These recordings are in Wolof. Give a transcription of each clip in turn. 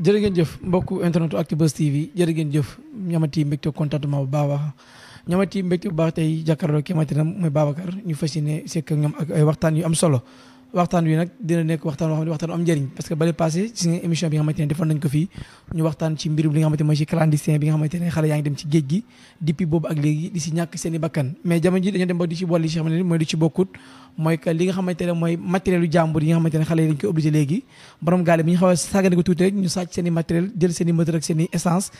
jërë ngeen jëf mbokku internetu Actubuzz TV jërë jëf ñamati mbégte contentement bu baax a baax ñamati mbégte bu baax tey jàkkaarloo ki matinam mooy Babacar ñu fas yéene sekk ak waxtaan yu am solo waxtaan wi nag dina nekk waxtaan waxam ne waxtaan am njëriñ parce que bale passé ci émission bi nga xamante ne defoon nañ ko fii ñu waxtaan ci mbir li nga xamante mooy ci clandestin bi nga xamante ne xale yaa dem ci géej gi depuis boobu ak léegi di si ñàkk seen i mais jamono ji mooy que li nga xamante ne mooy matériel yu jàmbur yi nga xamante ne xale yi dañ koy obligé léegi borom gaale bi ñu xaw a sàggane ko tuuti rek ñu sàcc seen i matériel jël seen i moteur ak seen i essence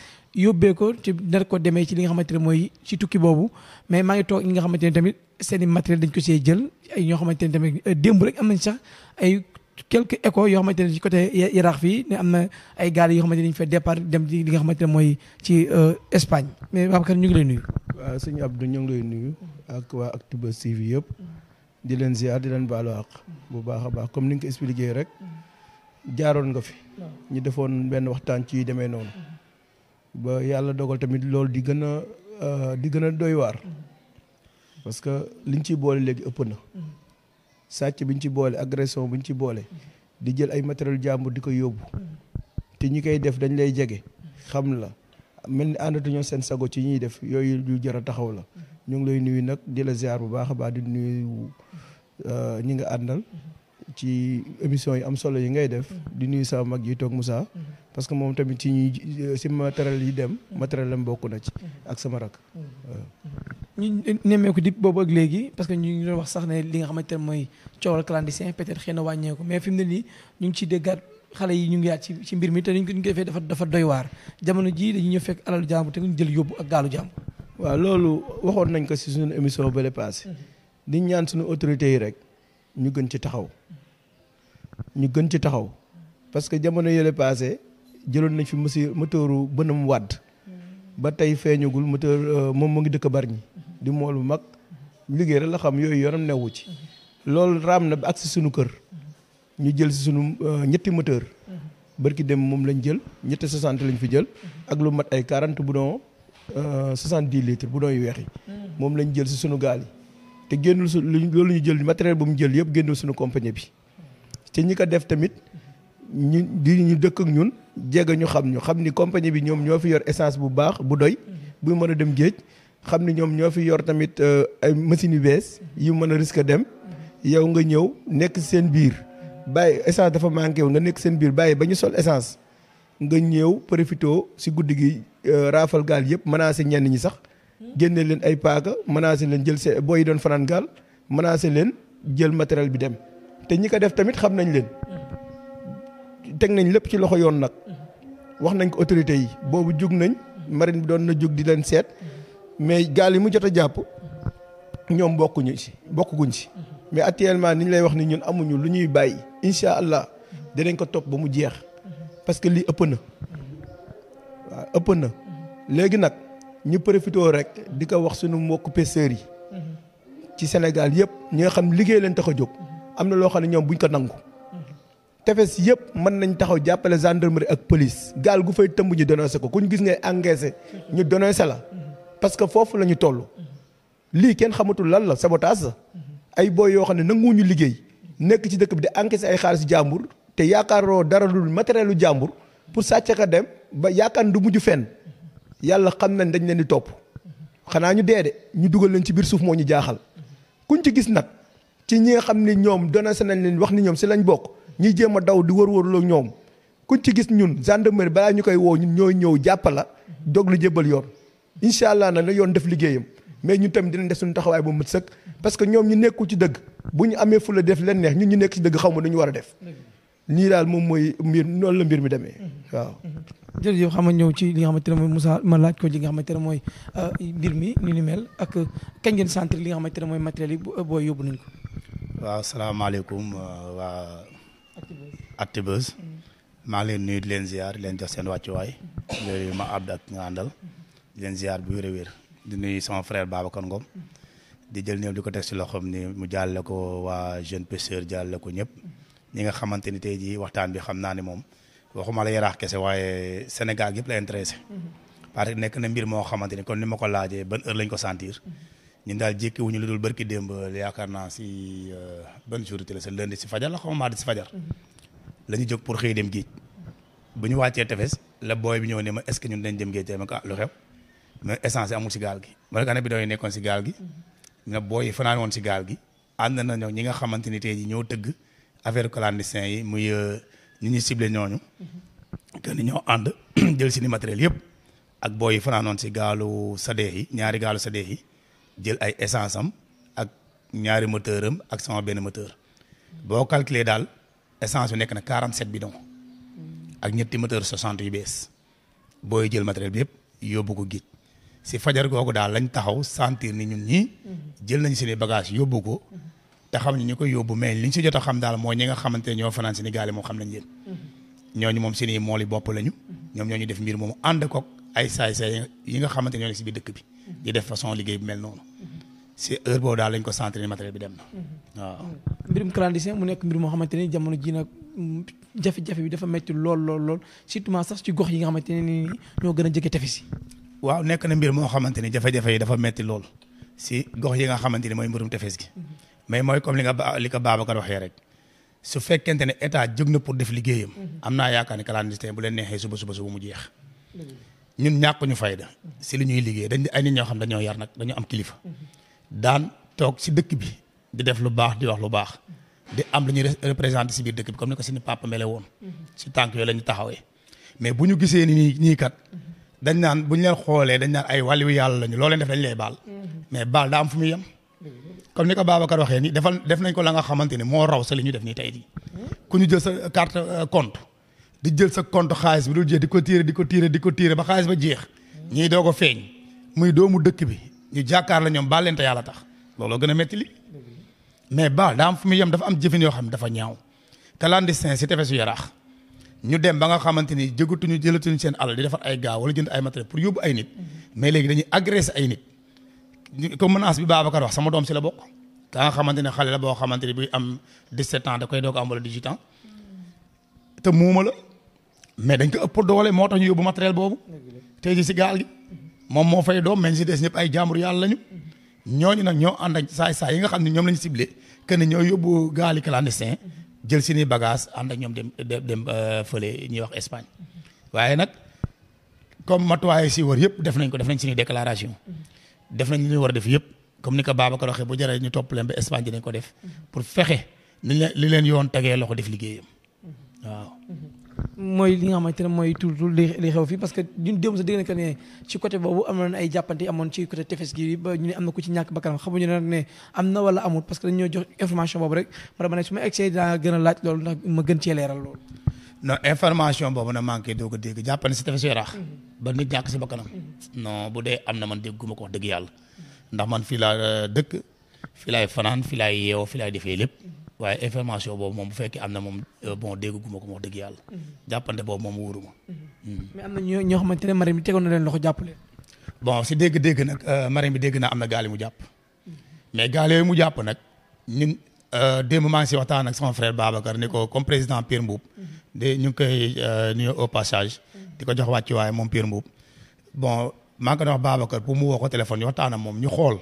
yóbbee ko ci nar ko demee ci li nga xamante ne mooy ci tukki boobu mais maa ngi toog ñi nga xamante ne tamit seen i matériel dañ ko see jël ay ñoo xamante ne tamit euh, démb rek am nañ sax ay quelques échos yoo xamante ne ci côté Yaraax fii ne am na ay gaal yoo xamante ne dañu fa départ dem ci li nga xamante ne mooy ci euh, Espagne mais Babacar ñu ngi lay nuyu. waaw sëñ Abdou ñu ngi lay nuyu ak waa Actubuzz TV yëpp di leen ziar di leen baalu àq bu baax a baax comme ni nga ko expliqué rek jaaroon nga fi ñu defoon benn waxtaan ci demee noonu ba yàlla dogal tamit loolu di gën a euh, di gën a doy waar parce que liñ ci boole léegi ëpp na sàcc bi biñ ci boole agression biñ ci boole di jël ay matériel jàmbur di ko yóbbu te ñi koy def dañ lay jege xam la mel ni ànd àndatuñoo seen sago ci ñuy def yooyu yu jar a taxaw la ñu ngi lay nuyu nag di la ziar bu baax a baax di nuyu euh, ñi nga àndal ci émission yi am solo yi ngay def di nuyu sama mag yi toog Moussa parce que moom tamit ci ñuy si matériel yi dem matériel am bokk na ci ak sama rak ñu nemmeeku dip boobu ak léegi parce que ñu ngi doon wax sax ne li nga xamante ne mooy coowal clandestin peut-être xëy na wàññeeku mais fi mu ne nii ñu ngi ciy déggaat xale yi ñu ngi yaat ci ci mbir mi te ñu ko defee dafa dafa doy waar jamono jii dañu ñëw fekk alalu jàmbur te ñu jël yóbbu ak gaalu jàmbur waaw loolu waxoon nañ ko si suñu émission bële passé di ñaan suñu autorité yi rek ñu gën ci taxaw ñu gën ci taxaw parce que jamono yële passé jëloon nañ fi monsieur moteuru bënam wàdd ba tey feeñagul moteur euh, moom mu ngi dëkk bari ñi di mool bu mag liggéey rek la xam yooyu yoonam newu ci loolu raam na bi ak si suñu kër ñu jël si suñu euh, ñetti moteur bërki dem moom lañ jël ñetti 60 lañ fi jël ak lu mat ay bu bidon 70 euh, litres bu dooy weex yi. Mm. moom lañ jël si sunu gaal yi. te génnul su loolu ñu jël matériel bu mu jël yëpp génnul suñu compagnie bi. te ñi ko def tamit ñu di ñu dëkk ak ñun jege ñu xam ñu xam ni compagnie bi ñoom ñoo fi yor essance bu baax bu doy. Mm-hmm. bu mën a dem géej xam ni ñoom ñoo fi yor tamit euh, ay machine yu bees mm-hmm. yu mën a risque dem. Mm-hmm. yow nga ñëw nekk seen biir bàyyi essence dafa manqué wu nga nekk seen biir bàyyi ba ñu sol essance nga ñëw profité si guddi gi Euh, raafal gaal yëpp menacé ñenn ñi sax génne leen ay paaka menacé leen jël see booy yi doon fanaan gaal menacé leen jël matériel bi dem te ñi ko def tamit xam nañ leen teg nañ lépp ci loxo yoon nag wax nañ ko autorité yi boobu jug nañ marin bi doon na jug di leen seet mais gaal yi mu jot a jàpp ñoom bokkuñu si bokkuguñ si mais actuellement ni ñu lay wax ni ñun amuñu lu ñuy bàyyi incha allah dinañ ko topp ba mu jeex parce que lii ëpp na waaw ëpp na léegi nag ñu profité rek di ko wax suñu mbokk pêcheurs yi ci Sénégal yëpp ñi nga xam liggéey leen tax a jóg am na loo xam ne ñoom buñ ko nangu tefes yëpp mën nañ taxaw jàppale gendarmerie ak police gaal gu fay tëmb ñu dénoncé ko ku ñu gis ngay engagé ñu dénoncé la parce que foofu la ñu toll lii kenn xamatul lan la sabotage la ay booy yoo xam ne nanguwuñu liggéey nekk ci dëkk bi di encaissé ay xaalis jàmbur te yaakaaroo dara lu matériel lu jàmbur pour sàcc ka dem ba yaakaar du mujj fenn yàlla xam nañ dañ leen di topp xanaa ñu dee de ñu dugal leen ci biir suuf moo ñu jaaxal kuñ ci gis nag ci ñi nga xam ni ñoom dona sa nañ leen wax ni ñoom si lañ bokk ñu jéem a daw di wër-wërloo ñoom kuñ ci gis ñun gendarmerie balaa ñu koy woo ñun ñooy ñëw jàppala dog la jébbal yoon incha allah nag la yoon def liggéeyam mais ñun tamit dinañ def suñu taxawaay bu mat sëkk parce que ñoom ñu nekku ci dëgg bu ñu amee fu la def leen neex ñu nekk ci dëgg xaw ma dañu war a def nii daal moom mooy mbir noonu la mbir mi demee mmh. jërëjëf xam nga ñëw ci li nga xamante ne mooy Moussa ma laaj ko li nga xamante ne mooy euh, mbir mi ni ni mel ak euh, kañ ngeen centre li nga te ne mooy matériel yi euh, booy yóbbu nañ ko. waaw salaamaaleykum waa. Mm-hmm. maa ngi leen nuyu di leen ziar leen jox seen wàccuwaay. loolu mm-hmm. ma abd ak nga àndal. Mm-hmm. leen ziar bu wér a wér nuy nuyu sama frère kon Ngom. di jël néew di ko teg si loxoom ni mu jàlle ko waa jeune pêcheur jàlle ko ñëpp. ñi nga xamante ni tey jii waxtaan bi xam naa ni moom. waxuma la yaraax kese waaye Sénégal yëpp la intéressé. Mhm. parce que nekk na mbir moo xamante ni kon ni ma ko laajee ban heure lañ ko sentir. Mhm. ñun daal jékki wuñu lu dul barki démb yaakaar naa si euh, ban jour télé sa lundi si fajar la xaw ma mardi si fajar. Mhm. la ñu jóg pour xëy dem géej. bu ñu wàccee tefes la booy bi ñëw ne ma est ce que ñun dañ dem géej tey ma ko ah lu xew. mais essence amul si gaal gi. ma ne ko bi bidon yi nekkoon si gaal gi. na booy yi fanaan woon si gaal ñi nga xamante ni tey jii ñoo tëgg affaire clandestin yi muy. Euh, ñu ñuy ciblé ñooñu. que ni ñoo ànd jël seeni matériel yëpp ak booy fanaanoon si gaalu sadee yi ñaari gaalu sadee yi jël ay essence am ak ñaari moteur am ak sama benn moteur boo calculer daal essence bi nekk na bi bidon ak ñetti moteur 60 yu bees booy jël matériel yëpp yóbbu ko géej si fajar googu daal lañ taxaw sentir ni ñun nii jël nañ seeni bagage yóbbu ko te xam ñu ñu ko yóbbu mais liñ si jot a xam daal mooy ñi nga xamante ne ñoo fanaan Sénégal yi moom xam nañ leen mm-hmm. ñooñu moom seeni mool yi bopp lañu mm-hmm. ñoom ñoo ñu def mbir moom ànd koog ay saay-saay yi nga xamante ne ñoo ne si biir dëkk bi mm-hmm. di def façon liggéey bi mel noonu si heure boobu na mm, bi dafa métti lool ni ñoo gën a jege tefes yi waaw nekk na mbir moo xamante ni jafe-jafe yi dafa metti lool si gox yi nga xamante ni mooy mbirum tefes gi mais mooy comme li nga ba li ko Babacar waxee rek su fekkente ne état jóg na pour def liggéeyam. Mhm. am naa yaakaar ni ne clandestin bu leen neexee suba suba suba mu jeex. ñun ñàkk ñu fayda. si li ñuy liggéey dañ ay nit ñoo xam dañoo yar nag dañoo am kilifa. Mhm. daan toog si dëkk bi di def lu baax di wax lu baax. Mhm. di am lu ñuy représenté si biir dëkk bi comme ni ko suñu papa mele woon. si tànk yooyu la ñu taxawee. mais bu ñu gisee ni ñii kat. dañ naan bu ñu leen xoolee dañ naan ay wàllu yàlla lañu loo def dañ lay baal. mais baal am fu muy yem. kon ni ko Babacar waxee nii defal def nañ ko la nga xamante ne moo raw sa li ñu def nii tey jii ku ñu jël sa carte euh, conte di jël sa compte xaalis bi dul jeex di ko tiire di ko tiire di ko tiire ba xaalis ba jeex ñii doo ko feeñ muy doomu dëkk bi ñu jàkkaar la ñoom baal leen yàlla tax looloo gën a métti li mais baal daa fu mu yem dafa am jëfin yoo xam dafa ñaaw clandestin si tefesu yaraax ñu dem ba nga xamante ni jëgatuñu jëlatuñu seen alal di defar ay gaaw wala ay matériel pour yóbbu ay nit mais léegi dañuy agressé ay nit comme menace bi Babacar wax sama doom si la bokk ka nga xamante ne xale la boo xamante ne bi am 17 ans da koy doog am wala 18 te muuma la mais dañ ko ëpp doole moo tax ñu yóbbu matériel boobu tey ji si gaal gi moom moo fay doom mais si des ñëpp ay jàmbur yàlla lañu ñooñu nag ñoo ànd ak saay saay yi nga xam ne ñoom lañu ciblé que ne ñoo yóbbu gaal yi clandestin jël seeni bagage ànd ak ñoom dem dem euh, fële ñuy wax Espagne waaye nag comme matuwaay si yëpp def nañ ko def nañ seeni déclaration def nañu li war def yëpp comme ni ko Babacar waxee bu jaree ñu topp leen ba Espagne dinañ ko def pour fexe leen li leen yoon tegee loxo def liggéeyam waaw. mooy li nga xamante ne mooy tout tout li xew fii parce que ñun démb sa dégg na que ne ci côté boobu am ay jàppante amoon ci côté tefes gi ba ñu ne am na ku ci ñàkk bakkanam xamuñu nag ne am na wala amut parce que dañoo jox information boobu rek ma ne su ma egsee daa gën a laaj loolu ndax ma gën non information boobu na manqué doo ko dégg jàpp ne si tefes Yaraax mhm. ba nit ñàkk si bakkanam mhm. non bu dee am na man dégguma ko wax dëgg yàlla ndax man fii laa euh, dëkk fii laay fanaan fii laay yeewoo fii laay defee lépp mhm. waaye information boobu moom bu fekkee am euh, ko wax dëgg yàlla jàppante boobu moom wóoruma mais am na ñoo xamante ne marine bi tegoon na leen loxo jàppale bon si dégg-dégg nag euh, marine bi dégg naa am na gaal yi mu jàpp mais gaal yooyu mu jàpp nag ñun Euh, démb maa ngi waxtaan ak sama frère Babacar ni ko comme président Pire Mboup de ñu ngi koy euh, nuyu au passage di ko jox waaye moom Pire Mboup bon maa ngi ko doon wax Babacar pour mu woo ko téléphone ñu waxtaan moom ñu xool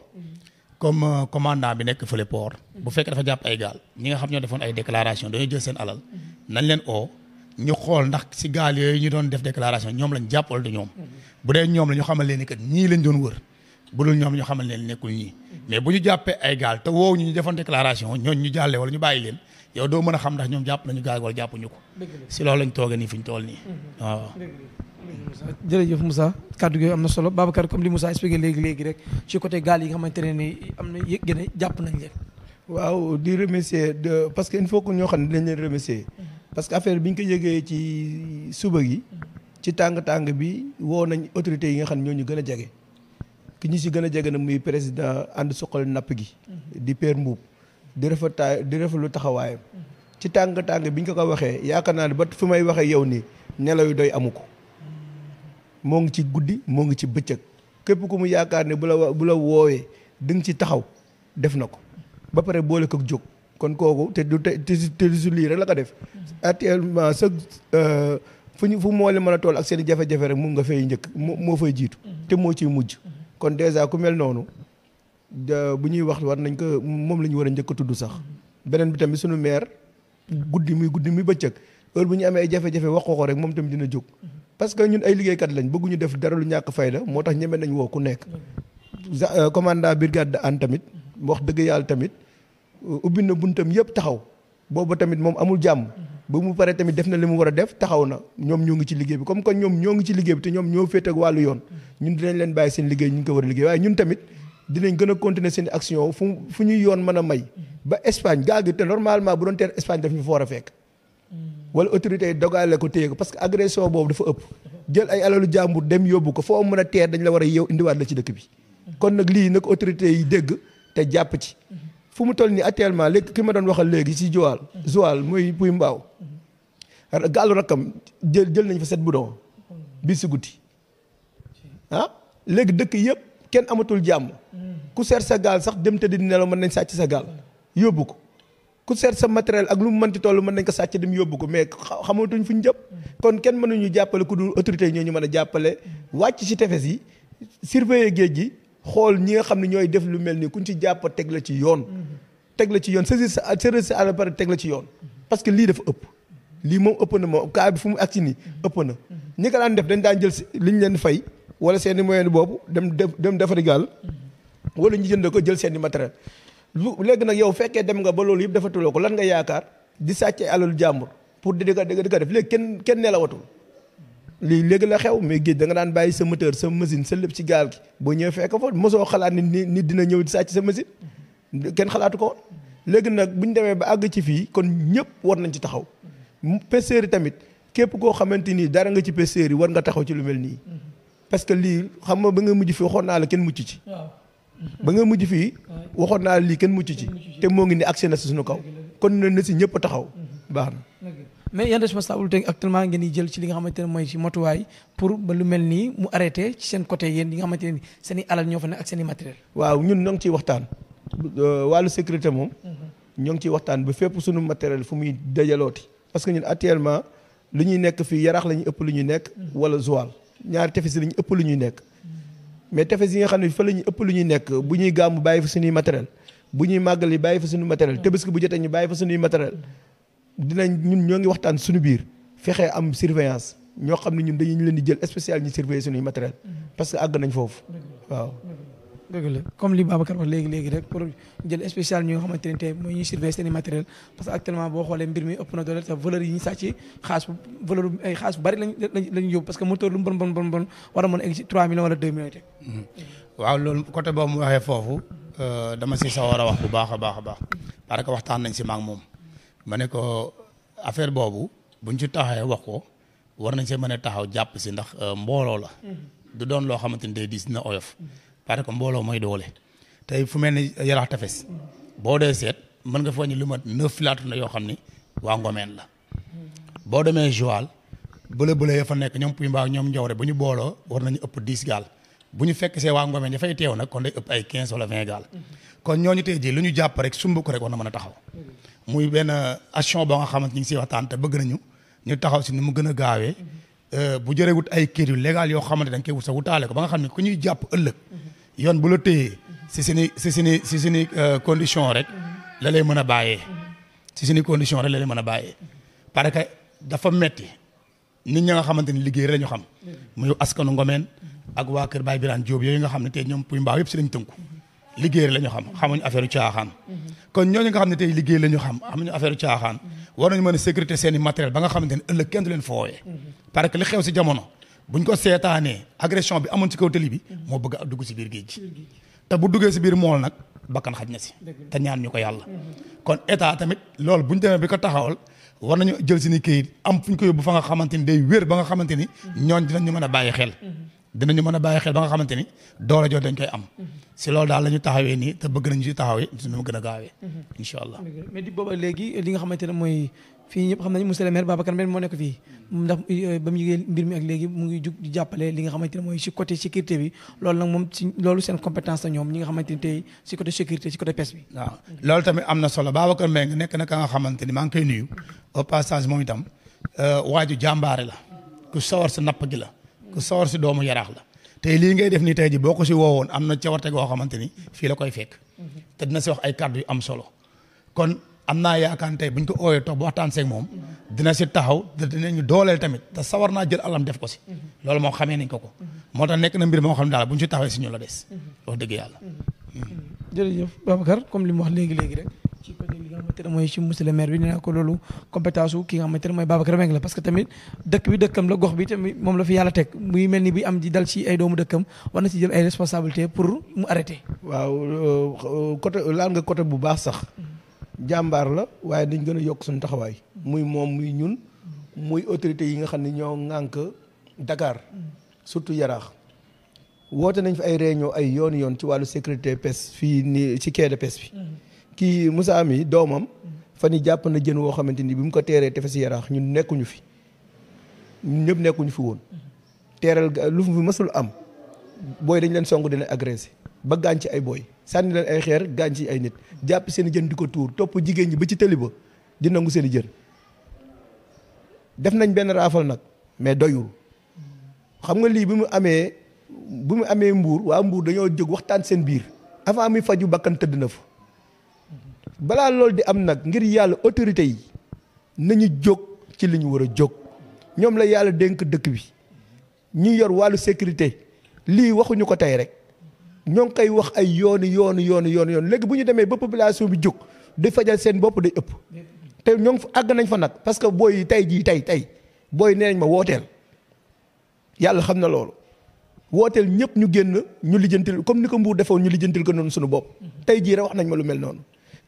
comme euh, commandant bi nekk fële port bu fekkee dafa jàpp ay gaal ñi nga xam ñoo defoon ay déclaration dañoo jël seen alal nañ leen oo ñu xool ndax si gaal yooyu ñu doon def déclaration ñoom lañ jàpp di ñoom bu dee ñoom la ñu xamal leen ni kat ñii lañ doon wër bu dul ñoom ñu xamal leen nekkul ñii mais bu ñu jàppee ay gaal te woow ñu ñu defoon déclaration ñooñ ñu jàllee wala ñu bàyyi leen yow doo mën a xam ndax ñoom jàpp nañu gaal wala jàppuñu ko si loolu lañ toogee nii fi ñu tool nii waaw jërëjëf Moussa kàddu gi am na solo Babacar comme li Moussa expliqué léegi léegi rek ci côté gaal yi nga xamante ne ni am na yëg gën a jàpp nañ leen waaw di remercier de parce que il faut ñoo xam ne dañ leen remercier mm-hmm. parce que affaire bi ñu ko yëgee ci suba gi ci tàng-tàng bi woo nañ autorités yi nga xam ne ñoo ñu gën a jege ki ñu si gën a jege na muy président ànd suqal napp gi. di Père Mbuub di rafetaay di rafetlu taxawaayam. ci tàng tàng bi ñu ko ko waxee yaakaar naa ne ba fi may waxee yow nii nelaw yu doy amu ko. moo ngi ci guddi moo ngi ci bëccëg képp ku mu yaakaar ne bu la bu la woowee di ci taxaw def na ko ba pare boole ko jóg kon kooku te du te te du lii rek la ko def. actuellement sa euh, fu ñu fu moo leen mën a toll ak seen i jafe-jafe rek moom nga fay njëkk moo fay jiitu. kon dèjà ku mel noonu bu ñuy wax war nañ ko moom la ñu war a njëkk a tudd sax beneen bi tamit suñu maire guddi muy guddi muy bëccëg heure bu ñu amee ay jafe-jafe wax ko ko rek moom tamit dina jóg parce que ñun ay liggéeykat lañ bëgguñu def dara lu ñàkk fayda moo tax ñeme nañ woo ku nekk euh, commandant brigade de an tamit wax dëgg yàlla tamit euh, ubbi na buntam yëpp taxaw boobu tamit moom amul jàmm ba mu pare tamit def na li mu war a def taxaw na ñoom ñoo ngi ci liggéey bi comme que ñoom ñoo ngi ci liggéey bi te ñoom ñoo féet ak wàllu yoon ñun dinañ leen bàyyi seen liggéey ñu ngi ko war a liggéey waaye ñun tamit dinañ gën a continuer seen action fu fu ñuy yoon mën a may ba Espagne gaa gi te normalement bu doon teer Espagne daf ñu fa war a fekk wala autorité yi dogale ko téye ko parce que agression boobu dafa ëpp jël ay alalu jàmbur dem yóbbu ko foo mën a teer dañ la war a yow indiwaat la ci dëkk bi kon nag lii nag autorité yi dégg te jàpp ci fu mu toll nii actuellement lekk ki ma doon waxal léegi si Joal Joal muy puy mbaaw gaalu rakkam jël jël nañ fa set bidon bi si guddi ah léegi dëkk yëpp kenn amatul jàmm ku seet sa gaal sax dem tëdd di nelaw mën nañ sàcc sa gaal yóbbu ko ku seet sa matériel ak lu mu mënti toll mën nañ ko sàcc dem yóbbu ko mais xamatuñ fu ñu jëm kon kenn mënuñu jàppale ku dul autorité ñoo ñu mën a jàppale wàcc si tefes yi surveiller géej gi xool ñi nga xam ne ñooy def lu mel nii kuñ ci jàpp teg la ci yoon. teg la ci yoon saisir sa saisir sa à pare teg la ci yoon. parce que lii dafa ëpp. lii moom ëpp na moom cas bi fu mu àgg si nii ëpp na. ñi ko daan def dañ daan jël li ñu leen fay wala seeni i boobu dem def dem defari gaal. wala ñu jënd ko jël seen i matériel. lu léegi nag yow fekkee dem nga ba loolu yëpp dafa tuloo ko lan nga yaakaar di sàccee alalu jàmbur pour di ko di ko def léegi kenn kenn ne la lii léegi la xew mais géej da nga daan bàyyi sa moteur sa machine sa lépp ci gaal gi boo ñëwee fekk fa mosoo xalaat ni nit dina ñëw di sàcc sa machine kenn xalaatu ko léegi nag bu ñu demee ba àgg ci fii kon ñëpp war nañ ci taxaw pêcheurs yi tamit képp koo xamante ni dara nga ci pêcheurs yi war nga taxaw ci lu mel nii parce que lii xam nga ba nga mujj fii waxoon naa la kenn mucc ci ba nga mujj fii waxoon naa la lii kenn mucc ci te moo ngi ni accès na si suñu kaw kon na si ñëpp taxaw baax na mais yan responsabilité actuellement ngeen ni jël ci li nga xamante ne mooy ci motuwaay pour ba lu mel nii mu arrêté ci seen côté yéen yi nga xamante ne seen i alal ñoo fa nekk ak seen i matériel waaw ñun ñoo ngi waxtaan euh, wàllu sécurité moom ñoo ngi ciy waxtaan bi fépp suñu matériel fu muy dajalooti parce que ñun actuellement lu ñuy nekk fii yaraax la ñu ëpp lu ñuy nekk wala Joal ñaari tefes yi ñu ëpp lu ñuy nekk mais tefes yi nga xam ne fa la ñu ëpp lu ñuy nekk bu ñuy gàmm bàyyi fa suñuy bu ñuy màggal yi bàyyi fa suñuy matériel mm. tabaski bu jotee ñu bàyyi fa suñuy dinañ ñun ñoo ngi waxtaan suñu biir fexe am surveillance ñoo xam ne ñun dañu ñu leen di jël spécial ñu surveiller suñuy matériel mm-hmm. parce que àgg nañ foofu waaw. li Babacar léegi léegi rek pour jël spécial ñi nga xamante ne tey mooy ñuy surveiller seen i matériel parce que actuellement boo xoolee mbir mi ëpp na doole te valeur yi ñu sàcc xaas bari lañ lañ yóbbu parce que moteur lu mu bon bon bon bon war a mën a egg ci millions mm-hmm. waaw loolu côté boobu mu waxee foofu euh, dama si sawar a wax bu baax a baax a baax parce que waxtaan nañ si moom. ma ne ko affaire boobu bu ñu ci taxawee wax ko war nañ see mën a taxaw jàpp si ndax euh, mbooloo la. Mm-hmm. du doon loo xamante ni te diis na oyof. parce que mbooloo mooy doole. tey fu mel ni Yaraax Tefes. Mm-hmm. boo dee seet mën nga foog ñu lu mat neuf filaatu na yoo xam ni waa Ngomeen la. Mm-hmm. boo demee Joal bële bële ya fa nekk ñoom Puy Mbaaw ñoom Njawre bu ñu booloo war nañu ëpp dix gaal. bu ñu fekk see waa Ngomeen fay teew nag kon day ëpp ay quinze wala vingt gaal. kon ñooñu tey jii lu ñu jàpp rek sumb ko rek war na mën a taxaw. muy benn action ba nga xamante ñu ngi siy waxtaan te bëgg nañu ñu taxaw si nu mu gën a gaawee euh, bu jëree wut ay kër yu légal yoo xamante dañ koy wut sa wutaale ko ba nga xam ne ku ñuy jàpp ëllëg yoon bu la téyee si seeni si seeni si seeni euh, condition rek la mën a bàyyee si seeni condition rek la lay mën a bàyyee parce que dafa metti nit ña nga xamante ni liggéey rek la ñu xam muy askanu ngomeen ak waa kër Baye Birane Diop yooyu nga xam ne tey ñoom puy mbaaw yëpp si tënku liggéey la ñu xam xamuñu affaire caaxaan kon ñooñu nga xam ne tey liggéey la ñu xam xamuñu affaire caaxaan war nañu mën a sécurité seeni i matériel ba nga xamante ne ëllëg kenn du leen foowee parce que li xew si jamono buñ ko seetaanee agression bi amoon ci kaw tali bi moo bëgg a dugg si biir géej gi te bu duggee si biir mool nag bakkan xaj na si te ñaan ñu ko yàlla kon état tamit loolu ñu demee bi ko taxawal war nañu jël si ni kayit am fuñ ko yóbbu fa nga xamante ni day wér ba nga xamante ni ñooñ dinañu mën a bàyyi xel dinañu mën a bàyyi xel ba nga xamante ni doole jooju dañ koy am. Mm-hmm. si loolu daal la ñu taxawee ni te bëgg nañ si taxawee si mu gën a gaawee. Mm-hmm. allah mm-hmm. mais di booba léegi li nga xamante ne mooy fii ñëpp xam nañu monsieur le maire Babacar Mbène nekk fii. ndax euh, ba mu yëgee mbir mi mu ngi jug jàppale li nga xamante ne mooy si côté sécurité bi loolu nag moom si loolu seen ñoom ñi nga xamante ni tey si côté sécurité si côté tamit am na solo Babacar Mbène nekk na ka nga xamante ni maa ngi koy nuyu au passage moom itam euh, waaju jàmbaare la ku sawar sa napp gi la ku sawar si doomu yaraax la tey lii ngay def nii tey ji boo ko si woowoon am na cawarte goo xamante ni fii la koy fekk te dina si wax ay kàddu yu am solo kon am naa yaakaar tey buñ ko ooyee toog ba waxtaan seeg moom dina si taxaw te dinañu dooleel tamit te sawar naa jël alam def ko si loolu moo xamee nañ ko ko moo tax nekk na mbir moo xam ne daal bu ñu si taxawee si ñu la des wax dëgg yàlla jërëjëf Babacar comme li mu wax léegi-léegi rek ci li nga xamante ne mooy ci monsieur le maire bi nee naa ko loolu compétence wu ki nga xamante ne mooy Babacar Mbengue la parce que tamit dëkk bi dëkkam la gox bi tamit moom la fi yàlla teg muy mel ni bi am di dal ci ay doomu dëkkam war na ci jël ay responsabilité pour mu arrêté waaw euh, côté laal nga côté bu baax sax jàmbaar la waaye dañ gën a yokk suñu taxawaay muy moom muy ñun muy autorité yi nga xam ne ñoo ŋànk Dakar surtout Yaraax woote nañ fi ay réunion ay yoon yoon ci wàllu sécurité pes fii nii ci quai de pêche bi kii Moussa Ami doomam fan yi jàpp na jën woo xamante ni bi mu ko teeree tefes yaraax ñun nekkuñu fi ñun ñëpp nekkuñu fi woon teeral lu fi masul am booy dañ leen song dina agressé ba gaañ ci ay booy sànni leen ay xeer gaañ ci ay nit jàpp seen jën di ko tuur topp jigéen ñi ba ci tëli ba di nangu seen i jën def nañ benn raafal nag mais doyul xam nga lii bi mu amee bi mu amee mbuur waa mbuur dañoo jóg waxtaan seen biir avant muy faju bakkan tëdd na fa balaa loolu di am nag ngir yàlla autorité yi nañu jóg ci li ñu war a jóg ñoom la yàlla dénk dëkk bi ñu yor wàllu sécurité lii waxuñu ko tey rek ñoo ngi koy wax ay yoonu yoonu yoonu yoonu yoon léegi bu ñu demee ba population bi jóg di fajal seen bopp day ëpp te ñoo ngi àgg nañ fa nag parce que booy tey jii tey tey booy nee ma wooteel yàlla xam na loolu wooteel ñëpp ñu génn ñu lijjantil comme ni ko mbuur defoon ñu lijjantil ko noonu suñu bopp tey jii rek wax nañ ma lu mel noonu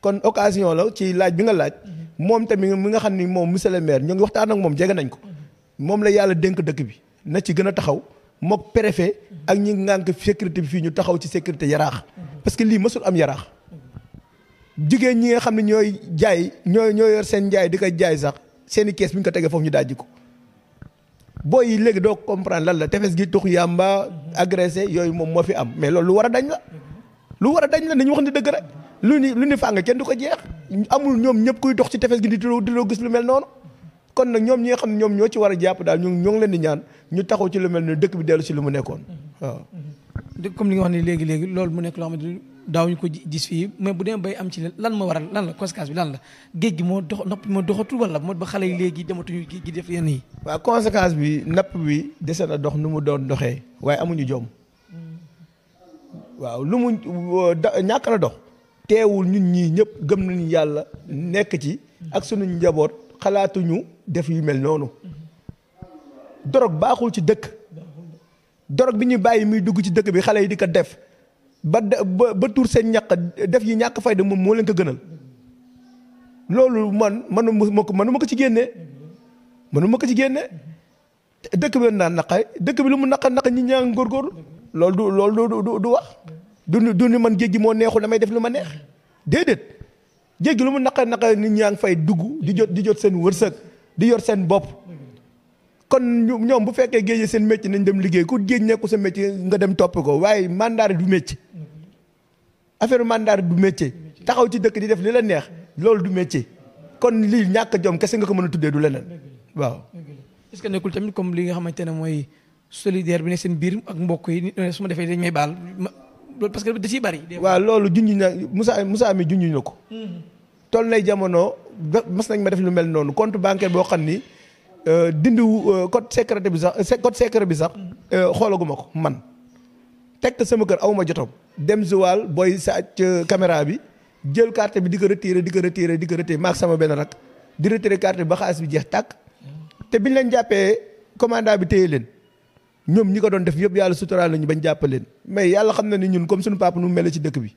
kon occasion la ci laaj bi nga laaj mhm. moom tamit mi nga xam ni moom monsieur le maire ñoo ngi waxtaan ak moom jege nañ ko mhm. moom la yàlla dénk dëkk bi na ci gën a taxaw mook préfet mhm. ak ñi ngànk sécurité bi fii ñu taxaw ci sécurité yaraax parce que lii mësul am yaraax jigéen ñi nga xam ne ñooy jaay ñooy ñoo yor seen njaay di ko jaay sax seen i kees bi ñu ko tegee foofu ñu dajji ko booy yi léegi doo comprendre lan la tefes gi tux yàmba agressé yooyu moom moo fi am mais loolu lu war a dañ la lu war a dañ la nañu wax ni dëgg rek lu ni lu ni fàng kenn du ko jeex amul ñoom ñëpp kuy dox ci tefes gi di diloo diloo gis lu mel noonu kon nag ñoom ñi nga xam ne ñoom ñoo ci war a jàpp daal ñu ñoo ngi leen di ñaan ñu taxaw ci lu mel ne dëkk bi dellu si lu mu nekkoon waaw comme li nga wax ne léegi léegi loolu mu nekk loo xam ne daaw ñu ko gis fii mais bu bay am ci lan ma waral lan la conséquence bi lan la géej gi moo dox napp moo doxatul wala moo ba xale léegi dematuñu géej gi def yenn yi bi napp bi dese dox nu mu doon doxee waaye amuñu jom mm. lu mu ñàkk la dox teewul ñun ñii ñëpp gëm nañu yàlla nekk ci ak sunu njaboot xalaatuñu def yu mel noonu dorog baaxul ci dëkk dorog bi ñuy bàyyi muy dugg ci dëkk bi xale yi di ko def ba ba tuur seen ñàq def yi ñàkk fay fayda moom moo leen ko gënal loolu man manu ma ko manu ma ko ci génne manu ma ko ci génne dëkk bi naan naqay dëkk bi lu mu naqa naqa ñi ñaa ngi góorgóorlu loolu du loolu du du wax du du ni man géej gi moo neexul damay def lu ma neex déedéet géej gi lu mu naqar naqar nit ñaa ngi fay dugg di jot di jot seen wërsëg di yor seen bopp kon ñoom bu fekkee géej seen métier nañ dem liggéey ku géej nekku sa métier nga dem topp ko waaye mandaar du métier affaire mandaar du métier taxaw ci dëkk di def li la neex loolu du métier kon lii ñàkk jom kese nga ko mën a tuddee du leneen waaw. est que nekkul tamit comme li nga xamante ne mooy solidaire bi ne seen biir ak mbokk yi su ma defee dañ may baal loolu parce que da ciy bari. waaw loolu junj na Moussa Moussa mi junj na ko. Hmm. toll nay jamono ba mas nañ ma def lu mel noonu compte bancaire boo xam ni euh, dindi euh, code secret bi sax code secret bi sax. Hmm. Euh, xoolaguma ko man. teg te sama kër aw ma jotam. dem Joal booy sàcc caméra bi jël carte bi di ko retiré di ko retiré di ko maak sama benn rak di retiré carte bi ba xaalis bi jeex tàkk. Hmm. te bi leen jàppee commandant bi téye leen. ñoom ñi ko doon def yëpp yàlla suturaal nañu bañ jàppaleen mais yàlla xam na ni ñun comme suñu papa nu mu mel ci dëkk bi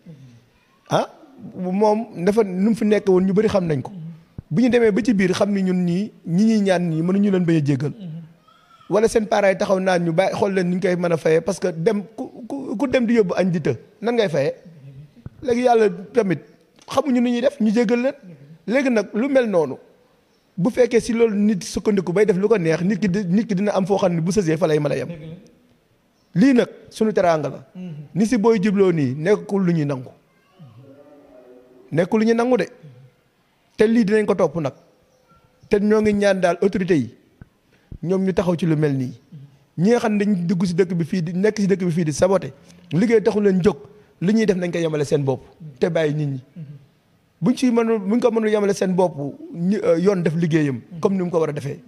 ah moom dafa nu mu fi nekk woon ñu bëri xam nañ ko bu ñu demee ba ci biir xam ni ñun ñii ñi ñuy ñaan nii ñii ñu leen bañ a jéggal wala seen parents yi taxaw naan ñu bàyyi xool leen ni ñu koy mën a fayee parce que dem ku ku dem di yóbbu añ di të nan ngay faye léegi yàlla tamit xamuñu ni ñuy def ñu jéggal leen léegi nag lu mel noonu bu fekkee si loolu nit sukkandiku bay def lu ko neex nit ki nit dina am foo xam ne bu sësee fa lay mën a lii nag suñu teraanga la mhm. ni si booy jubloo nii nekkul lu ñuy nangu nekkul lu ñuy nangu de te lii dinañ ko topp nag te ñoo ngi ñaan daal autorité yi ñoom ñu taxaw ci lu mel nii ñi xam ne dañ dugg si dëkk bi fii di nekk si dëkk bi fii di sabote liggéey taxul leen jóg li ñuy def nañ ko yemale seen bopp te bàyyi nit ñi mhm. buñ ci mënul buñ ko mënul yemale seen bopp euh, yoon def liggéeyam comme ni mu ko war a defee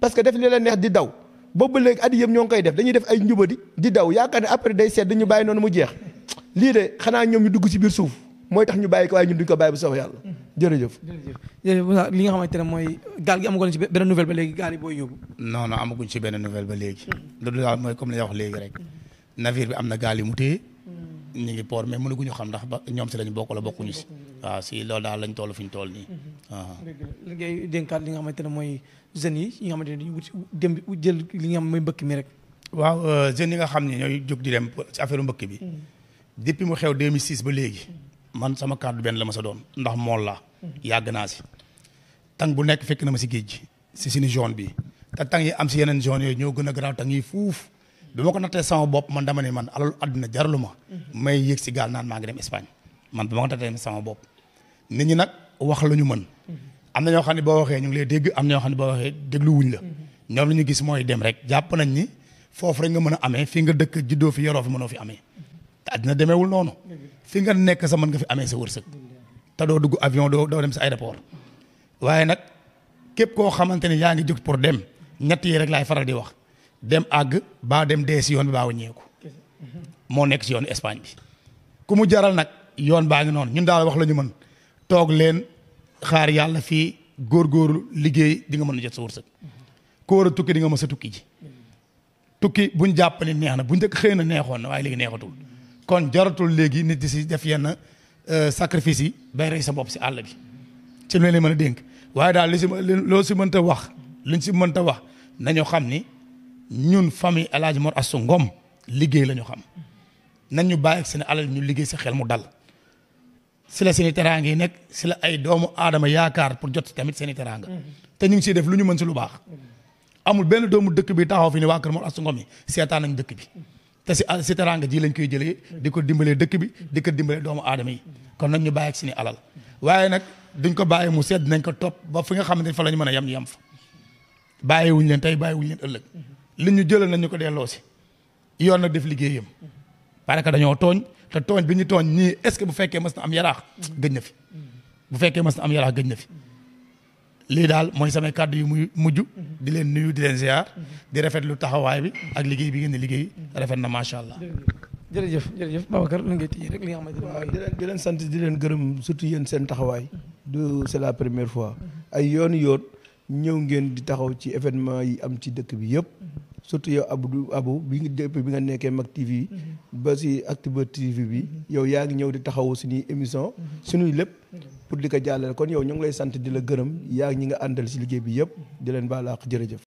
parce que def li la neex di daw boobu léegi at yëpp ñoo ngi koy def dañuy def ay njubadi di daw yaakaar ne après day sedd ñu bàyyi noonu mu jeex lii de xanaa ñoom ñu dugg ci biir suuf tax ñu bàyyi ko waaye ko bàyyi bu soobee yàlla jërëjëf. jërëjëf li nga xamante ne mooy gaal gi amaguñ ci benn nouvelle ba léegi gaal benn nouvelle ba léegi. loolu daal mooy comme li nga wax léegi bi am na gaal yi mu téye ñu ngi port mais xam ndax ba ñoom si lañ bokk wala bokkuñu si waaw si loolu daal lañ toll fi ñu nii waaw mm-hmm. ah. li ngay dénkaat li nga xamante ne mooy jeunes yi yi nga xamante ne dañu wuti dem jël li nga xam mooy euh, ne ñooy jóg di dem ci affaire mbëkk bi mm-hmm. depuis mu xew 2006 ba léegi mm-hmm. man sama kàddu benn la ma sa doon ndax mool la yàgg naa si tang bu nekk fekk na ma si géej gi si suñu zone bi te tang yi am si yeneen zone yooyu ñoo gën a garaaw tang yi fuuf bi ma ko nattee sama bopp man dama ne man alalu àdduna jaralu ma. Mhm. may yëg si gaal naan maa ngi dem Espagne man bi ma ko nattee sama bopp. nit ñi nag wax la ñu mën. Mhm. am na ñoo xam ne boo waxee ñu ngi lee dégg am na ñoo xam ne boo waxee déglu wuñ la. Mhm. ñoom li ñu gis mooy dem rek jàpp nañ ni foofu rek nga mën a amee fi nga dëkk juddoo fi yoroo fi mënoo fi amee. te àddina demeewul noonu. fi nga nekk sa mën nga fi amee sa wërsëg. te doo dugg avion doo doo dem sa aéroport. waaye nag képp koo xamante ni yaa ngi jóg pour dem ñett yi rek laay faral di wax. dem àgg baa dem dee si yoon bi baa waññeeku moo nekk si yoonu Espagne bi ku mu jaral nag yoon baa ngi noonu ñun daal wax lañu ñu mën toog leen xaar yàlla fii góor góorgóorlu liggéey di nga mën a jot sa wërsëg ku tukki di nga mën sa tukki ji tukki buñ jàpp ne neex na bu njëkk xëy na neexoon na waaye léegi neexatul kon jaratul léegi nit di si def yenn euh, sacrifice yi bay rey sa bopp si àll bi ci lu leen mën a dénk waaye daal li si loolu si mënta wax luñ si mënta wax nañoo xam ni ñun famille El Hadj Mor Assou Ngom liggéey la ñu xam nañ ñu bàyyi ak seen alal ñu liggéey si xel mu dal si la seen i teraanga yi nekk si la ay doomu aadama yaakaar pour jot tamit seen i teraanga te ñu ngi siy def lu ñu mën si lu baax amul benn doomu dëkk bi taxaw fi ne waa Kër Mor Assou Ngom yi seetaan nañ dëkk bi te si si teraanga ji lañ koy jële di ko dimbalee dëkk bi di ko dimbalee doomu aadama yi kon nañ ñu bàyyi ak seen alal waaye nag duñ ko bàyyi mu sedd nañ ko topp ba fi nga xamante ne fa la ñu mën a yem yem fa bàyyiwuñ leen tey bàyyiwuñ leen ëllëg li ñu jëlal nañu ko delloo si yoon nag def liggéeyam parce que dañoo tooñ te tooñ bi ñu tooñ nii est-ce que bu fekkee mas na am yaraax gëj na fi bu fekkee mas na am yaraax gëj na fi lii daal mooy samay kàddu yi muy mujj di leen nuyu di leen ziar di rafet lu taxawaay bi ak liggéey bi ngeen di liggéey rafet na macha allah. jërëjëf jërëjëf Babacar lu ngeen tëjee rek li nga xamante ne waaw di leen di leen sant di leen gërëm surtout yéen seen taxawaay du c'est la première fois ay yoon ñëw ngeen di taxaw ci événement yi am ci dëkk bi yëpp mm-hmm. surtout yow Abdou Abou bi nga depuis bi nga nekkee Mak TV mm-hmm. ba si Actubuzz bi mm-hmm. yow yaa ngi ñëw di taxaw suñuy émission suñuy lépp pour di ko jàllale kon yow ñu ngi lay sant di la gërëm yaa ngi nga àndal si liggéey bi yëpp di leen baal àq jërëjëf